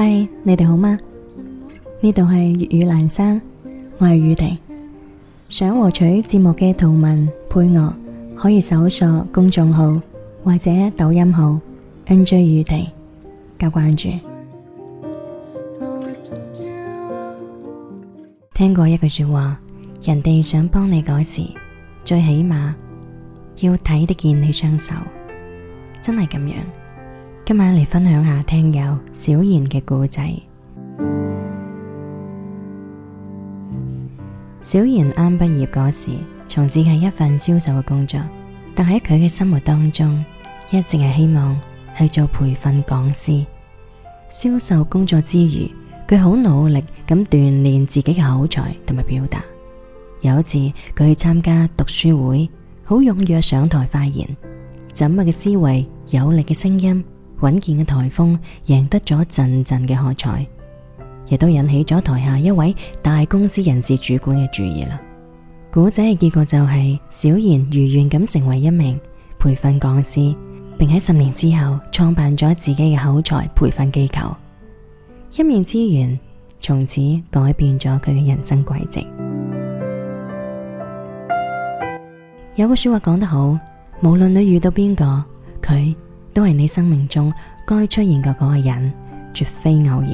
嗨，Hi, 你哋好嗎？呢度係粵語闌珊，我係宇婷，想獲取節目嘅圖文配樂，可以搜索公眾號或者抖音號 N J 宇婷」。加關注。聽過一句說話，人哋想幫你改時，最起碼要睇得見你雙手，真係咁樣。今晚嚟分享下聽友小然嘅故仔。小然啱畢業嗰時，從事係一份銷售嘅工作，但喺佢嘅心目當中，一直係希望去做培訓講師。銷售工作之餘，佢好努力咁鍛煉自己嘅口才同埋表達。有一次，佢去參加讀書會，好踊躍上台發言，縝密嘅思維，有力嘅聲音。穩健嘅台風，贏得咗陣陣嘅喝彩，亦都引起咗台下一位大公司人事主管嘅注意啦。古仔嘅結果就係小然如願咁成為一名培訓講師，並喺十年之後創辦咗自己嘅口才培訓機構。一面之緣，從此改變咗佢嘅人生軌跡。有個說話講得好，無論你遇到邊個，佢，都係你生命中該出現嘅嗰個人，絕非偶然。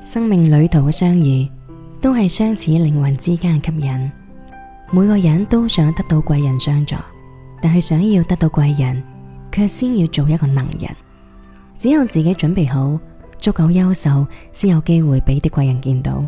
生命旅途嘅相遇，都係相似靈魂之間嘅吸引。每個人都想得到貴人相助，但係想要得到貴人，卻先要做一個能人。只有自己準備好，足夠優秀，先有機會俾啲貴人見到。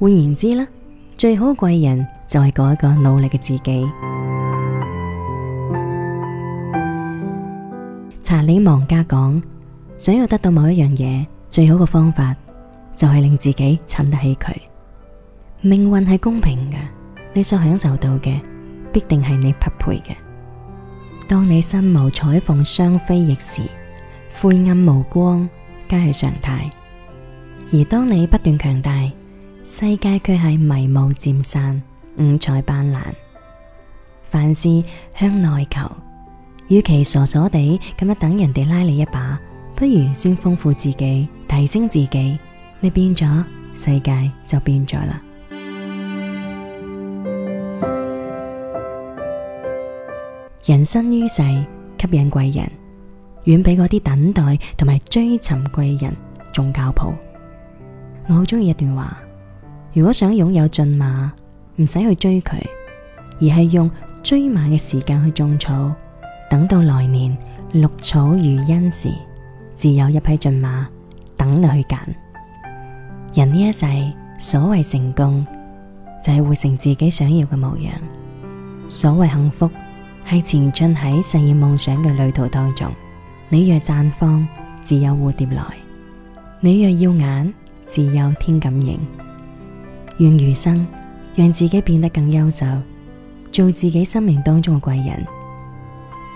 換言之啦，最好嘅貴人就係嗰一個努力嘅自己。查理芒格講：想要得到某一樣嘢，最好嘅方法就係令自己襯得起佢。命運係公平嘅，你所享受到嘅必定係你匹配嘅。當你身無彩鳳雙飛翼時，晦暗無光皆係常態；而當你不斷強大，世界卻係迷霧漸散，五彩斑斕。凡事向內求。與其傻傻地噉樣等人哋拉你一把，不如先豐富自己，提升自己。你變咗，世界就變咗啦。 人生於世，吸引貴人遠比嗰啲等待同埋追尋貴人仲靠譜。我好中意一段話：如果想擁有駿馬，唔使去追佢，而係用追馬嘅時間去種草。等到來年綠草如茵時，自有一匹駿馬等你去揀。人呢一世，所謂成功就係活成自己想要嘅模樣，所謂幸福係前進喺實現夢想嘅旅途當中。你若綻放，自有蝴蝶來；你若耀眼，自有天感應。願餘生讓自己變得更優秀，做自己生命當中嘅貴人。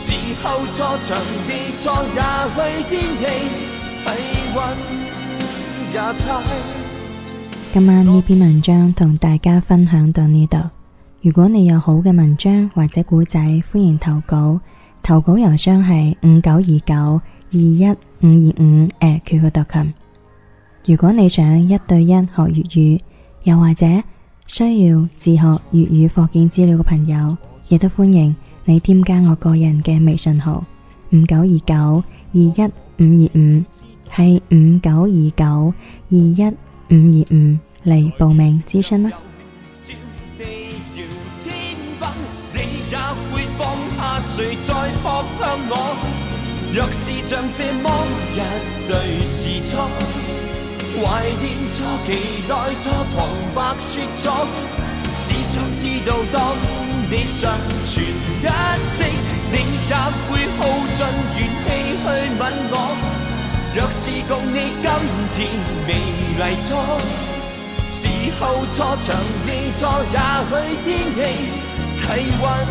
候也也今晚呢篇文章同大家分享到呢度。如果你有好嘅文章或者古仔，歡迎投稿。投稿郵箱係五九二九二一五二五。@QQ.com。如果你想一對一學粵語，又或者需要自學粵語課件資料嘅朋友，亦都歡迎。你添加我個人嘅微信號五九二九二一五二五，係五九二九二一五二五嚟報名諮詢啦。只想知道當你尚存一息，你也會耗盡元氣去吻我。若是共你今天未嚟錯，時候錯，場地錯，也許天氣、體温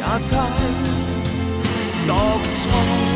也猜度錯。